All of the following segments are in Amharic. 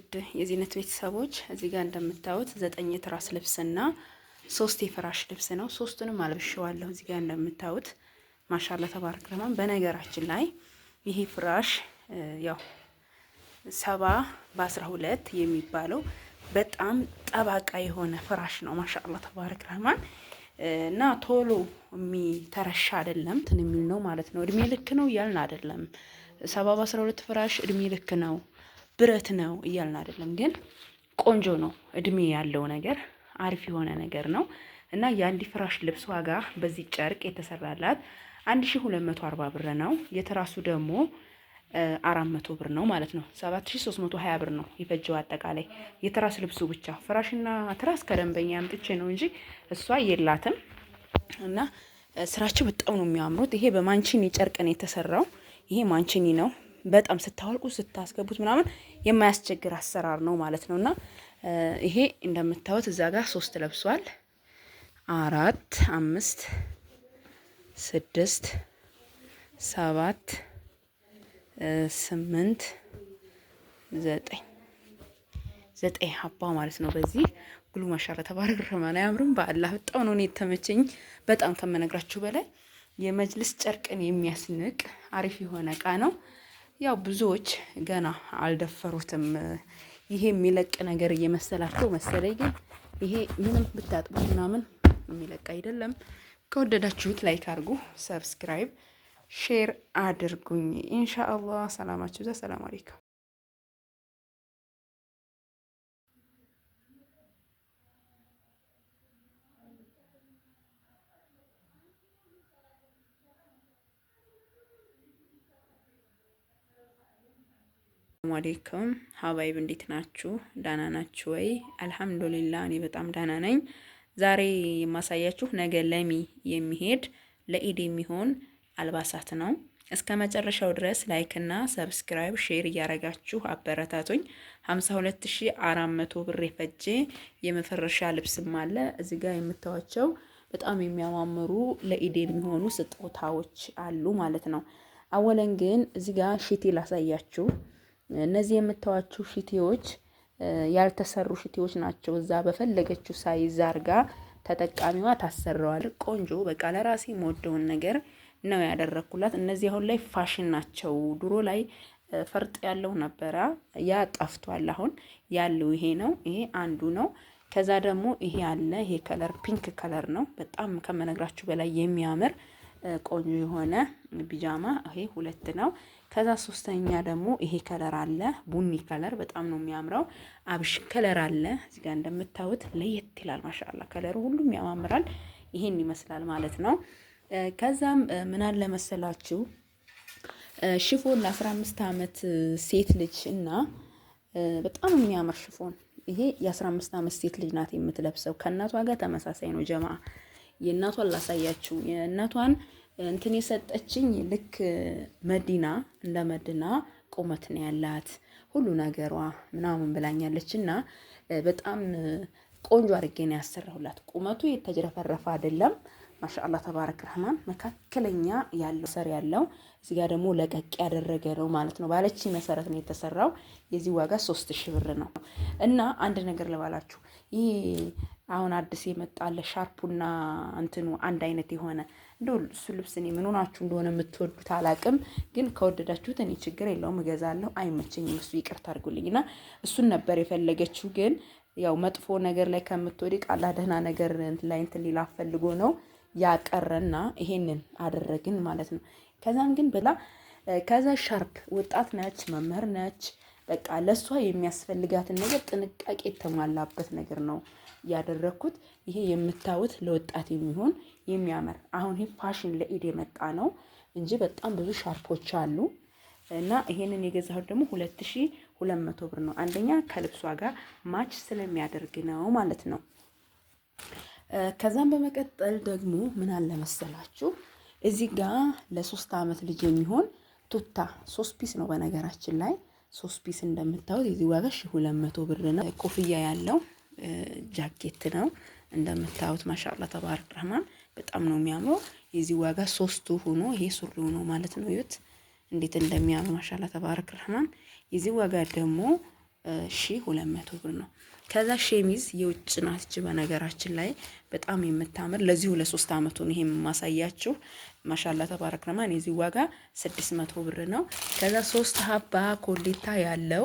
ውድ የዚህነት ቤተሰቦች እዚህ ጋር እንደምታዩት ዘጠኝ የትራስ ልብስና ሶስት የፍራሽ ልብስ ነው። ሶስቱንም አልብሸዋለሁ። እዚህ ጋር እንደምታዩት ማሻላ ተባረክ ረህማን። በነገራችን ላይ ይሄ ፍራሽ ያው ሰባ በአስራ ሁለት የሚባለው በጣም ጠባቃ የሆነ ፍራሽ ነው። ማሻላ ተባረክ ረህማን እና ቶሎ የሚተረሻ አይደለም ትን የሚል ነው ማለት ነው። እድሜ ልክ ነው እያልን አይደለም። ሰባ በአስራ ሁለት ፍራሽ እድሜ ልክ ነው ብረት ነው እያልን አይደለም፣ ግን ቆንጆ ነው። እድሜ ያለው ነገር አሪፍ የሆነ ነገር ነው እና የአንድ ፍራሽ ልብስ ዋጋ በዚህ ጨርቅ የተሰራላት 1240 ብር ነው። የትራሱ ደግሞ 400 ብር ነው ማለት ነው። 7320 ብር ነው የፈጀው አጠቃላይ የትራስ ልብሱ ብቻ። ፍራሽና ትራስ ከደንበኛ አምጥቼ ነው እንጂ እሷ የላትም እና ስራቸው በጣም ነው የሚያምሩት። ይሄ በማንቺኒ ጨርቅ ነው የተሰራው። ይሄ ማንቺኒ ነው። በጣም ስታወልቁ ስታስገቡት ምናምን የማያስቸግር አሰራር ነው ማለት ነው። እና ይሄ እንደምታዩት እዛ ጋር ሶስት ለብሷል። አራት፣ አምስት፣ ስድስት፣ ሰባት፣ ስምንት፣ ዘጠኝ ዘጠኝ ሀባ ማለት ነው። በዚህ ጉሉ ማሻላ ተባረክ ረህማን አያምርም? በአላህ በጣም ነው የተመቸኝ። በጣም ከመነግራችሁ በላይ የመጅልስ ጨርቅን የሚያስንቅ አሪፍ የሆነ እቃ ነው። ያው ብዙዎች ገና አልደፈሩትም። ይሄ የሚለቅ ነገር እየመሰላቸው መሰለኝ። ግን ይሄ ምንም ብታጥቡት ምናምን የሚለቅ አይደለም። ከወደዳችሁት ላይክ አድርጉ፣ ሰብስክራይብ፣ ሼር አድርጉኝ። ኢንሻአላህ ሰላማችሁ። ዘ ሰላም አለይኩም አሰላሙ አሌይኩም ሀባይብ እንዴት ናችሁ? ዳና ናችሁ ወይ? አልሐምዱሊላ እኔ በጣም ዳና ነኝ። ዛሬ የማሳያችሁ ነገ ለሚ የሚሄድ ለኢድ የሚሆን አልባሳት ነው። እስከ መጨረሻው ድረስ ላይክ እና ሰብስክራይብ ሼር እያረጋችሁ አበረታቱኝ። 52400 ብር የፈጀ የመፈረሻ ልብስም አለ። እዚህ ጋር የምታዋቸው በጣም የሚያማምሩ ለኢድ የሚሆኑ ስጦታዎች አሉ ማለት ነው። አወለን ግን እዚህ ጋር ሽቲ ላሳያችሁ እነዚህ የምታዋቸው ሽቴዎች ያልተሰሩ ሽቴዎች ናቸው። እዛ በፈለገችው ሳይዝ አርጋ ተጠቃሚዋ ታሰረዋል። ቆንጆ በቃ ለራሴ የምወደውን ነገር ነው ያደረግኩላት። እነዚህ አሁን ላይ ፋሽን ናቸው። ድሮ ላይ ፈርጥ ያለው ነበረ፣ ያ ጠፍቷል። አሁን ያለው ይሄ ነው። ይሄ አንዱ ነው። ከዛ ደግሞ ይሄ አለ። ይሄ ከለር ፒንክ ከለር ነው። በጣም ከመነግራችሁ በላይ የሚያምር ቆንጆ የሆነ ቢጃማ ይሄ ሁለት ነው። ከዛ ሶስተኛ ደግሞ ይሄ ከለር አለ፣ ቡኒ ከለር በጣም ነው የሚያምረው። አብሽ ከለር አለ እዚህ ጋር እንደምታዩት ለየት ይላል። ማሻላ ከለሩ ሁሉም ያማምራል። ይሄን ይመስላል ማለት ነው። ከዛም ምን አለ መሰላችሁ ሽፎን ለ15 ዓመት ሴት ልጅ እና በጣም የሚያምር ሽፎን ይሄ የ15 ዓመት ሴት ልጅ ናት የምትለብሰው። ከእናቷ ጋር ተመሳሳይ ነው ጀማ የእናቷን ላሳያችሁ የእናቷን እንትን የሰጠችኝ ልክ መዲና እንደ መዲና ቁመት ነው ያላት ሁሉ ነገሯ ምናምን ብላኛለች። እና በጣም ቆንጆ አድርጌ ነው ያሰራሁላት። ቁመቱ የተጅረፈረፈ አይደለም። ማሻአላ ተባረክ ረህማን መካከለኛ ያለው ሰር ያለው እዚህ ጋር ደግሞ ለቀቅ ያደረገ ነው ማለት ነው። ባለችኝ መሰረት ነው የተሰራው። የዚህ ዋጋ ሶስት ሺህ ብር ነው። እና አንድ ነገር ልባላችሁ ይሄ አሁን አዲስ የመጣለ ሻርፑና እንትኑ አንድ አይነት የሆነ እንደ እሱ ልብስ እኔ ምን ሆናችሁ እንደሆነ የምትወዱት አላቅም፣ ግን ከወደዳችሁት እኔ ችግር የለውም እገዛለሁ። አይመቸኝም እሱ ይቅርታ አድርጉልኝና እሱን ነበር የፈለገችው። ግን ያው መጥፎ ነገር ላይ ከምትወድቅ አላ ደህና ነገር ላይ እንትን ሌላ ፈልጎ ነው ያቀረና ይሄንን አደረግን ማለት ነው። ከዛም ግን ብላ ከዛ ሻርፕ ወጣት ነች፣ መምህር ነች በቃ ለእሷ የሚያስፈልጋትን ነገር ጥንቃቄ የተሟላበት ነገር ነው ያደረግኩት። ይሄ የምታዩት ለወጣት የሚሆን የሚያምር አሁን ይሄ ፋሽን ለኢድ የመጣ ነው እንጂ በጣም ብዙ ሻርፖች አሉ እና ይሄንን የገዛሁት ደግሞ ሁለት ሺ ሁለት መቶ ብር ነው። አንደኛ ከልብሷ ጋር ማች ስለሚያደርግ ነው ማለት ነው። ከዛም በመቀጠል ደግሞ ምን አለ መሰላችሁ እዚህ ጋር ለሶስት አመት ልጅ የሚሆን ቱታ ሶስት ፒስ ነው በነገራችን ላይ ሶስት ፒስ እንደምታዩት የዚህ ዋጋ ሺ ሁለት መቶ ብር ነው። ኮፍያ ያለው ጃኬት ነው እንደምታዩት። ማሻላ ተባረክ ረህማን በጣም ነው የሚያምረው። የዚህ ዋጋ ሶስቱ ሆኖ ይሄ ሱሪ ሆኖ ማለት ነው። ይሁት እንዴት እንደሚያምር ማሻላ ተባረክ ረህማን። የዚህ ዋጋ ደግሞ ሺ ሁለት መቶ ብር ነው። ከዛ ሸሚዝ የውጭ ናት እጅ በነገራችን ላይ በጣም የምታምር ለዚሁ ለሶስት አመቱን ይሄ የማሳያችሁ ማሻላ ተባረክ ረማን የዚህ ዋጋ ስድስት መቶ ብር ነው። ከዛ ሶስት ሀባ ኮሌታ ያለው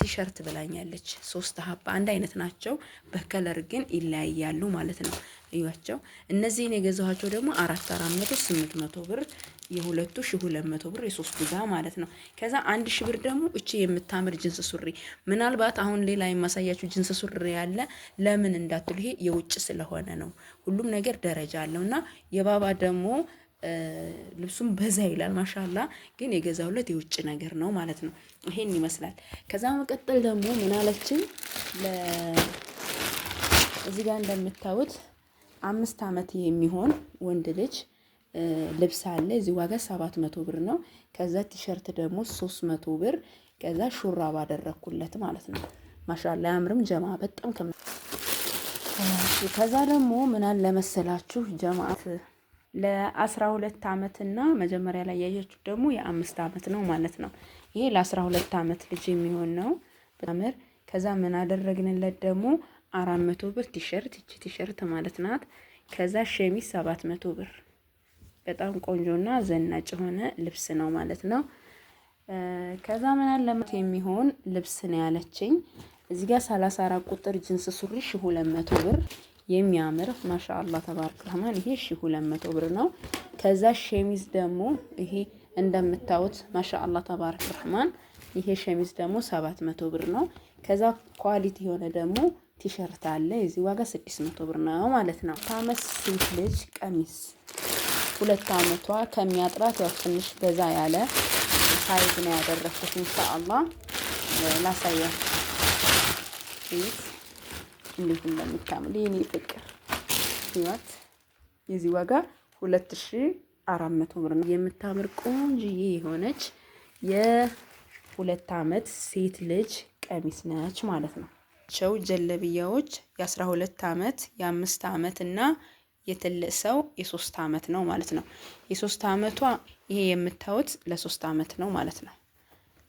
ቲሸርት ብላኛለች። ሶስት ሀባ አንድ አይነት ናቸው፣ በከለር ግን ይለያያሉ ማለት ነው። እያቸው እነዚህን የገዛኋቸው ደግሞ አራት አራት መቶ ስምንት መቶ ብር የሁለቱ ሺ ሁለት መቶ ብር የሶስቱ ጋር ማለት ነው። ከዛ አንድ ሺ ብር ደግሞ እቺ የምታምር ጅንስ ሱሪ ምናልባት አሁን ሌላ የማሳያችሁ ጅንስ ሱሪ ያለ ለምን እንዳትሉ፣ ይሄ የውጭ ስለሆነ ነው። ሁሉም ነገር ደረጃ አለውና የባባ ደግሞ ልብሱም በዛ ይላል ማሻላ። ግን የገዛሁለት የውጭ ነገር ነው ማለት ነው። ይሄን ይመስላል። ከዛ መቀጠል ደግሞ ምናለችን እዚህ ጋር እንደምታዩት አምስት ዓመት የሚሆን ወንድ ልጅ ልብስ አለ። እዚህ ዋጋ ሰባት መቶ ብር ነው። ከዛ ቲሸርት ደግሞ ሶስት መቶ ብር። ከዛ ሹራብ አደረግኩለት ማለት ነው። ማሻላ አያምርም ጀማ በጣም ከዛ ደግሞ ምናል ለመሰላችሁ ጀማት ለአስራ ሁለት አመት እና መጀመሪያ ላይ ያየችው ደግሞ የአምስት አመት ነው ማለት ነው። ይሄ ለአስራ ሁለት አመት ልጅ የሚሆን ነው። በምር ከዛ ምን አደረግንለት ደግሞ አራት መቶ ብር ቲሸርት ይቺ ቲሸርት ማለት ናት። ከዛ ሸሚዝ ሰባት መቶ ብር በጣም ቆንጆና ዘናጭ የሆነ ልብስ ነው ማለት ነው። ከዛ ምን አለመት የሚሆን ልብስ ነው ያለችኝ። እዚህ ጋር 34 ቁጥር ጅንስ ሱሪ 200 ብር የሚያምር ማሻአላ ተባርክ ረህማን። ይሄ ሺ ሁለት መቶ ብር ነው። ከዛ ሸሚዝ ደግሞ ይሄ እንደምታዩት ማሻአላ ተባርክ ረህማን። ይሄ ሸሚዝ ደግሞ ሰባት መቶ ብር ነው። ከዛ ኳሊቲ የሆነ ደግሞ ቲሸርት አለ። የዚህ ዋጋ ስድስት መቶ ብር ነው ማለት ነው። ታመስ ሴት ልጅ ቀሚስ ሁለት አመቷ ከሚያጥራት ያው ትንሽ በዛ ያለ ሳይዝ ነው ያደረኩት። ኢንሻአላ ላሳያችሁ እንዴት እንደምታምር የኔ ፍቅር ህይወት። የዚህ ዋጋ ሁለት ሺ አራት መቶ ብር ነው። የምታምር ቆንጅዬ የሆነች የሁለት አመት ሴት ልጅ ቀሚስ ነች ማለት ነው። ቸው ጀለብያዎች የአስራ ሁለት አመት የአምስት አመት እና የትልቅ ሰው የሶስት አመት ነው ማለት ነው። የሶስት አመቷ ይሄ የምታዩት ለሶስት አመት ነው ማለት ነው።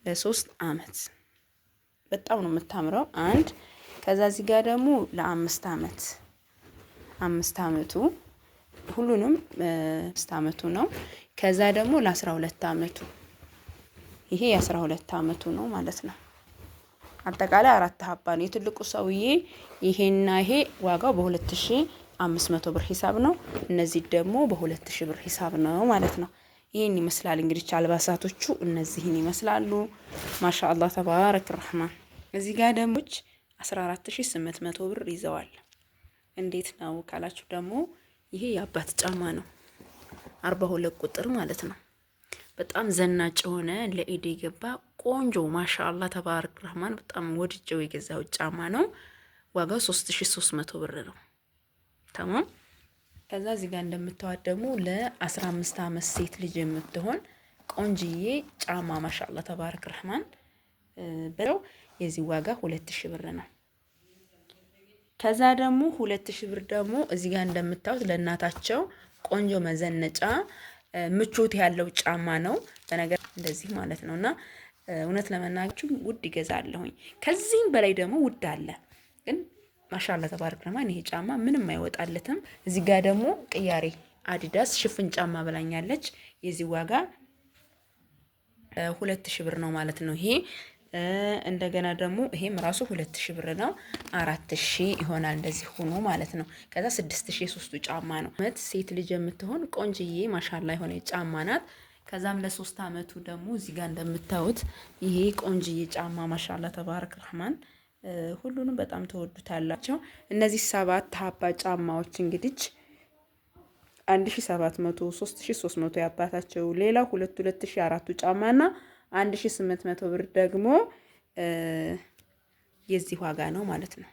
ለሶስት አመት በጣም ነው የምታምረው አንድ ከዛ እዚህ ጋር ደግሞ ለአምስት አመት አምስት አመቱ ሁሉንም አምስት አመቱ ነው። ከዛ ደግሞ ለአስራ ሁለት አመቱ ይሄ የአስራ ሁለት አመቱ ነው ማለት ነው። አጠቃላይ አራት ሀባ ነው። የትልቁ ሰውዬ ይሄና ይሄ ዋጋው በሁለት ሺ አምስት መቶ ብር ሂሳብ ነው። እነዚህ ደግሞ በሁለት ሺ ብር ሂሳብ ነው ማለት ነው። ይህን ይመስላል እንግዲህ አልባሳቶቹ እነዚህን ይመስላሉ። ማሻ ተባረክ ረህማን። እዚህ ጋር ደሞች 14800 ብር ይዘዋል። እንዴት ነው ካላችሁ ደግሞ ይሄ የአባት ጫማ ነው። 42 ቁጥር ማለት ነው። በጣም ዘናጭ የሆነ ለኢድ የገባ ቆንጆ ማሻአላ ተባረክ ረህማን በጣም ወድጀው የገዛው ጫማ ነው። ዋጋው 3300 ብር ነው። ተማም ከዛ እዚህ ጋር እንደምታዋት ደግሞ ለ15 ዓመት ሴት ልጅ የምትሆን ቆንጅዬ ጫማ ማሻአላ ተባረክ ረህማን በለው የዚህ ዋጋ ሁለት ብር ነው። ከዛ ደግሞ ሁለት ብር ደግሞ እዚህ ጋር እንደምታዩት ለእናታቸው ቆንጆ መዘነጫ ምቾት ያለው ጫማ ነው። በነገር እንደዚህ ማለት ነው እና እውነት ለመናገር ውድ ይገዛለሁኝ። ከዚህም በላይ ደግሞ ውድ አለ ግን ማሻላ ተባረክ ረህማን ይሄ ጫማ ምንም አይወጣለትም። እዚህ ጋር ደግሞ ቅያሬ አዲዳስ ሽፍን ጫማ ብላኛለች። የዚህ ዋጋ ሁለት ብር ነው ማለት ነው ይሄ እንደገና ደግሞ ይሄም ራሱ ሁለት ሺ ብር ነው። አራት ሺ ይሆናል እንደዚህ ሆኖ ማለት ነው። ከዛ ስድስት ሺ ሶስቱ ጫማ ነው። መት ሴት ልጅ የምትሆን ቆንጅዬ ማሻላ የሆነ ጫማ ናት። ከዛም ለሶስት አመቱ ደግሞ እዚህ ጋር እንደምታዩት ይሄ ቆንጅዬ ጫማ ማሻላ ተባረክ ረህማን ሁሉንም በጣም ተወዱታላቸው። እነዚህ ሰባት ሀባ ጫማዎች እንግዲህ አንድ ሺ ሰባት መቶ ሶስት ሺ ሶስት መቶ ያባታቸው ሌላ ሁለት ሁለት ሺ አራቱ ጫማ ና 1800 ብር ደግሞ የዚህ ዋጋ ነው ማለት ነው።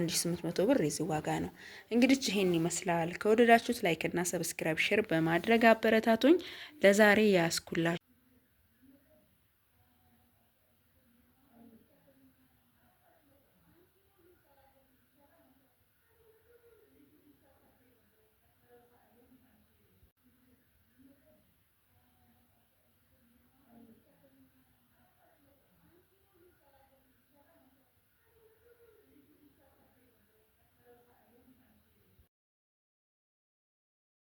1800 ብር የዚህ ዋጋ ነው። እንግዲህ ይሄን ይመስላል። ከወደዳችሁት ላይክ እና ሰብስክራይብ ሼር በማድረግ አበረታቱኝ። ለዛሬ ያስኩላ